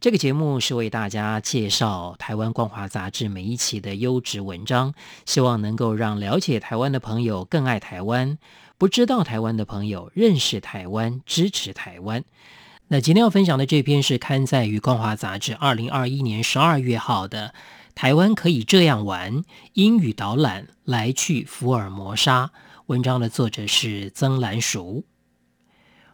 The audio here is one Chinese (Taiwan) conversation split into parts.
這個節目是為大家介紹台灣光華雜誌每一期的優質文章，希望能夠讓了解台灣的朋友更愛台灣，不知道台灣的朋友認識台灣，支持台灣。那今天要分享的這篇是刊載於光華雜誌二零二一年十二月號的《台灣可以這樣玩：英語導覽來去福爾摩沙》，文章的作者是曾蘭淑。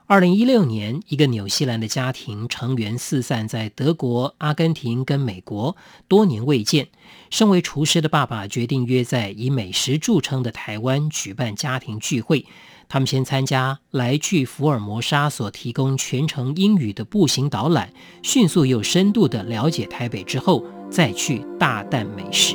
二零一六年，一個紐西蘭的家庭成員四散在德國、阿根廷跟美國，多年未見。身為廚師的爸爸決定約在以美食著稱的台灣舉辦家庭聚會。他們先參加來去福爾摩沙所提供全程英語的步行導覽，迅速又深度地了解台北之後，再去大啖美食。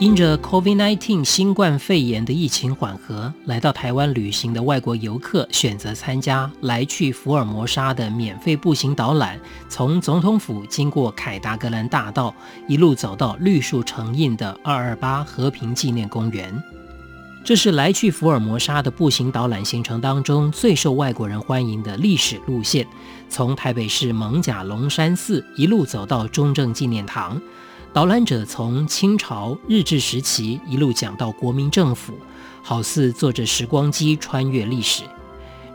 因着 COVID-19 新冠肺炎的疫情緩和，來到台灣旅行的外國遊客選擇參加來去福爾摩沙的免費步行導覽，從總統府經過凱達格蘭大道，一路走到綠樹成蔭的二二八和平紀念公園。這是來去福爾摩沙的步行導覽行程當中最受外國人歡迎的歷史路線，從台北市艋舺龍山寺一路走到中正紀念堂。導覽者從清朝、日治時期一路講到國民政府，好似坐着時光機穿越歷史。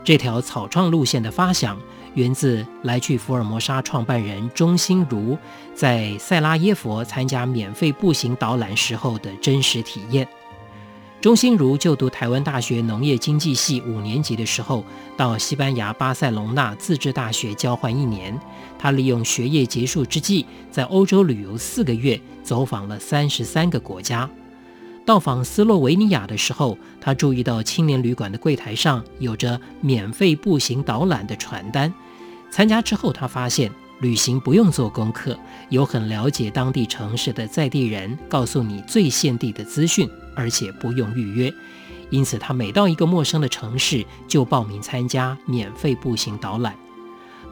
這條草創路線的發想，源自來去福爾摩沙創辦人鍾心如在塞拉耶佛參加免費步行導覽時候的真實體驗。鍾欣如就讀台灣大學農業經濟系五年級的時候，到西班牙巴塞隆納自治大學交換一年。她利用學業結束之際，在歐洲旅遊四個月，走訪了三十三個國家。到訪斯洛維尼亞的時候，她注意到青年旅館的櫃檯上有着免費步行導覽的傳單。參加之後，她發現，旅行不用做功課，有很了解當地城市的在地人告訴你最現地的資訊，而且不用預約。因此，他每到一個陌生的城市就報名參加免費步行導覽。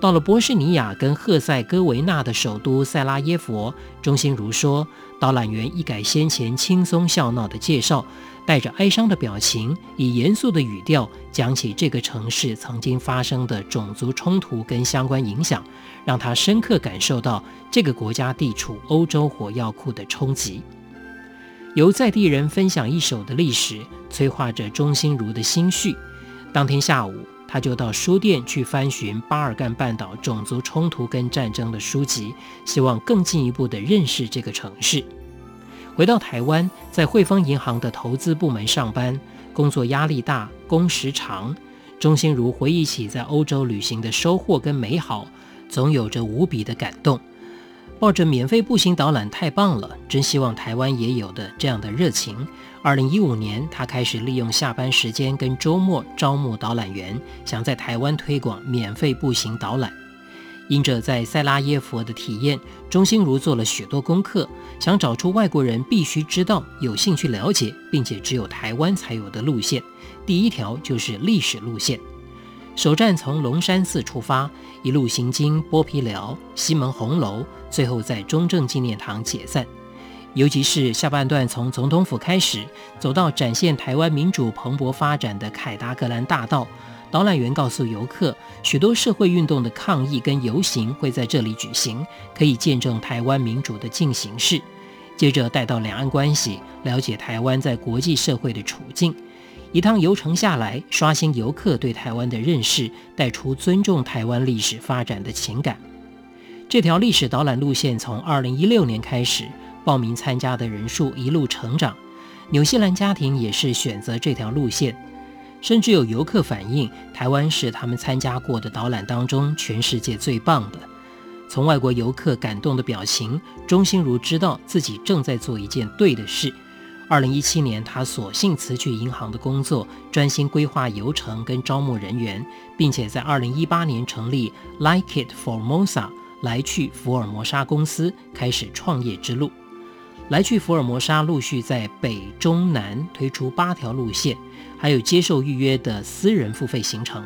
到了波士尼亞跟赫塞哥維納的首都塞拉耶佛，鍾欣如說，導覽員一改先前輕鬆笑鬧的介紹，帶着哀傷的表情，以嚴肅的語調講起這個城市曾經發生的種族衝突跟相關影響，讓他深刻感受到這個國家地處歐洲火藥庫的衝擊。由在地人分享一手的歷史，催化着鍾欣如的心緒。當天下午。他就到書店去翻尋巴爾幹半島種族衝突跟戰爭的書籍，希望更進一步的認識這個城市。回到台灣，在匯豐銀行的投資部門上班，工作壓力大，工時長。鍾欣如回憶起在歐洲旅行的收穫跟美好，總有着無比的感動。抱着免費步行導覽太棒了，真希望台灣也有的這樣的熱情。二零一五年，他開始利用下班時間跟周末招募導覽員，想在台灣推廣免費步行導覽。因着在塞拉耶佛的體驗，鍾心如做了許多功課，想找出外國人必須知道、有興趣了解，並且只有台灣才有的路線。第一條就是歷史路線。首站從龍山寺出發，一路行經剝皮寮、西門紅樓，最後在中正紀念堂解散。尤其是下半段從總統府開始，走到展現台灣民主蓬勃發展的凱達格蘭大道。導覽員告訴遊客，許多社會運動的抗議跟遊行會在這裡舉行，可以見證台灣民主的進行式。接着帶到兩岸關係，了解台灣在國際社會的處境。一趟遊程下來，刷新遊客對台灣的認識，帶出尊重台灣歷史發展的情感。這條歷史導覽路線從2016年開始，報名參加的人數一路成長，紐西蘭家庭也是選擇這條路線。甚至有遊客反映，台灣是他們參加過的導覽當中全世界最棒的。從外國遊客感動的表情，鍾心如知道自己正在做一件對的事。二零一七年，他索性辭去銀行的工作，專心規劃遊程跟招募人員，並且在二零一八年成立 Like It Formosa 來去福爾摩沙公司，開始創業之路。來去福爾摩沙陸續在北、中、南推出八條路線，還有接受預約的私人付費行程。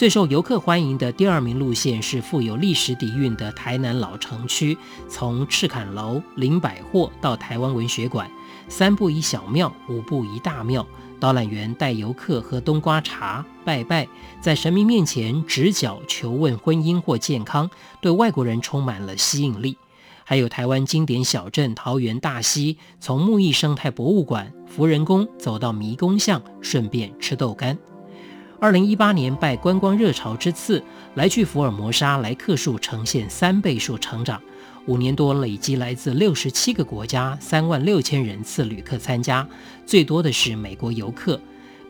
最受遊客歡迎的第二名路線是富有歷史底蘊的台南老城區，從赤崁樓、林百貨到台灣文學館，三步一小廟，五步一大廟。導覽員帶遊客喝冬瓜茶、拜拜，在神明面前擲筊求問婚姻或健康，對外國人充滿了吸引力。還有台灣經典小鎮桃園大溪，從木藝生態博物館、福仁宮走到迷宮巷，順便吃豆乾。二零一八年拜觀光熱潮之賜，來去福爾摩沙來客數呈現三倍數成長。五年多累積來自六十七個國家三萬六千人次旅客參加，最多的是美國遊客。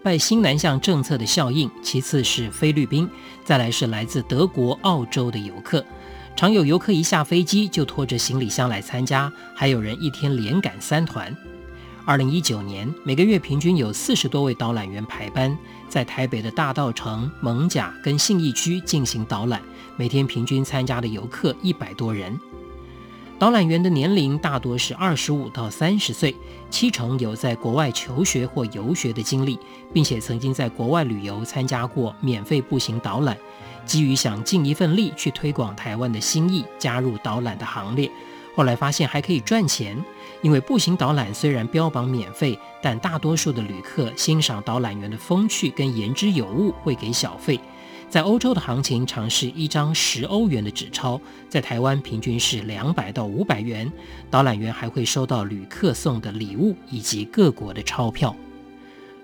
拜新南向政策的效應，其次是菲律賓，再來是來自德國、澳洲的遊客。常有遊客一下飛機就拖着行李箱來參加，還有人一天連趕三團。二零一九年，每個月平均有四十多位導覽員排班，在台北的大稻埕、艋舺跟信義區進行導覽，每天平均參加的遊客一百多人。導覽員的年齡大多是二十五到三十歲，七成有在國外求學或遊學的經歷，並且曾經在國外旅遊參加過免費步行導覽，基於想盡一份力去推廣台灣的心意，加入導覽的行列。後來發現還可以賺錢，因為步行導覽雖然標榜免費，但大多數的旅客欣賞導覽員的風趣跟言之有物，會給小費。在歐洲的行情，常是一張十歐元的紙鈔，在台灣平均是兩百到五百元。導覽員還會收到旅客送的禮物以及各國的鈔票。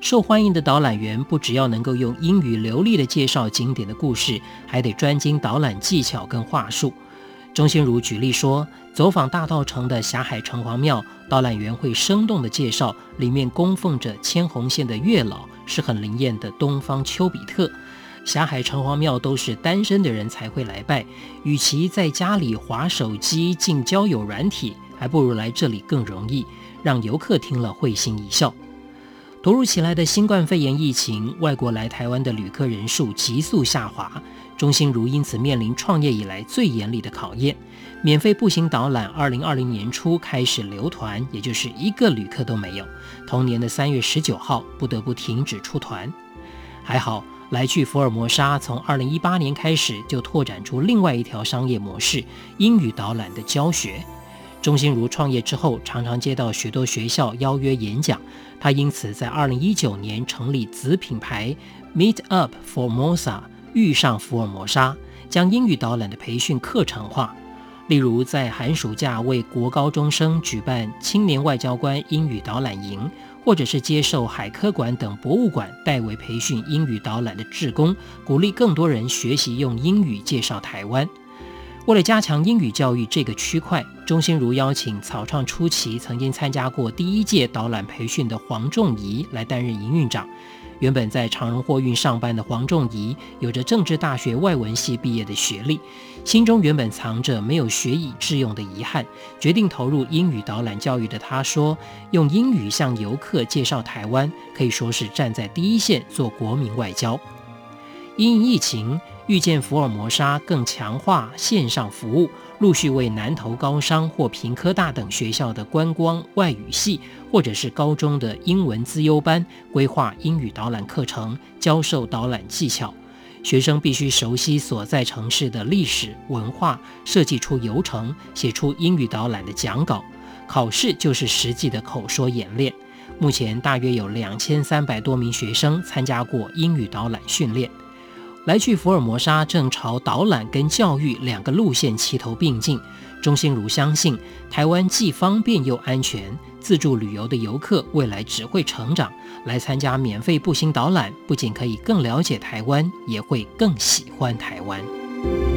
受歡迎的導覽員不只要能夠用英語流利的介紹景點的故事，還得專精導覽技巧跟話術。鍾心如舉例說，走訪大稻埕的霞海城隍廟，導覽員會生動地介紹，裡面供奉着牽紅線的月老，是很靈驗的東方丘比特。霞海城隍廟都是單身的人才會來拜，與其在家裡滑手機進交友軟體，還不如來這裡更容易，讓遊客聽了會心一笑。突如其來的新冠肺炎疫情，外國來台灣的旅客人數急速下滑。鍾欣如因此面臨創業以來最嚴厲的考驗。免費步行導覽，二零二零年初開始留團，也就是一個旅客都沒有。同年的三月十九號，不得不停止出團。還好，來去福爾摩沙從二零一八年開始就拓展出另外一條商業模式——英語導覽的教學。鍾欣如創業之後，常常接到許多學校邀約演講，她因此在二零一九年成立子品牌 Meet Up for Mosa。遇上福爾摩沙，將英語導覽的培訓課程化，例如在寒暑假為國高中生舉辦青年外交官英語導覽營，或者是接受海科館等博物館代為培訓英語導覽的志工，鼓勵更多人學習用英語介紹台灣。為了加強英語教育這個區塊，鍾心如邀請草創初期曾經參加過第一屆導覽培訓的黃仲怡來擔任營運長。原本在長榮貨運上班的黃仲怡有着政治大學外文系畢業的學歷，心中原本藏着沒有學以致用的遺憾，決定投入英語導覽教育的他，說：“用英語向遊客介紹台灣，可以說是站在第一線做國民外交。”因疫情遇見福爾摩沙，更強化線上服務。陸續為南投高商或屏科大等學校的觀光外語系，或者是高中的英文資優班，規劃英語導覽課程，教授導覽技巧。學生必須熟悉所在城市的歷史文化，設計出遊程，寫出英語導覽的講稿。考試就是實際的口說演練。目前大約有兩千三百多名學生參加過英語導覽訓練。來去福爾摩沙正朝導覽跟教育兩個路線齊頭並進。鍾心如相信，台灣既方便又安全，自助旅遊的遊客未來只會成長。來參加免費步行導覽，不僅可以更了解台灣，也會更喜歡台灣。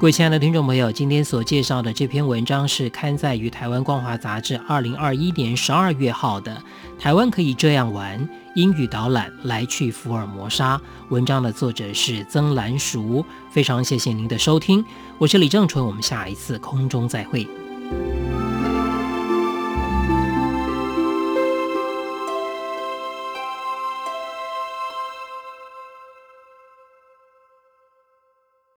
各位親愛的聽眾朋友，今天所介紹的這篇文章是刊載於《台灣光華雜誌》二零二一年十二月號的《台灣可以這樣玩：英語導覽來去福爾摩沙》。文章的作者是曾蘭淑。非常謝謝您的收聽，我是李正淳，我們下一次空中再會。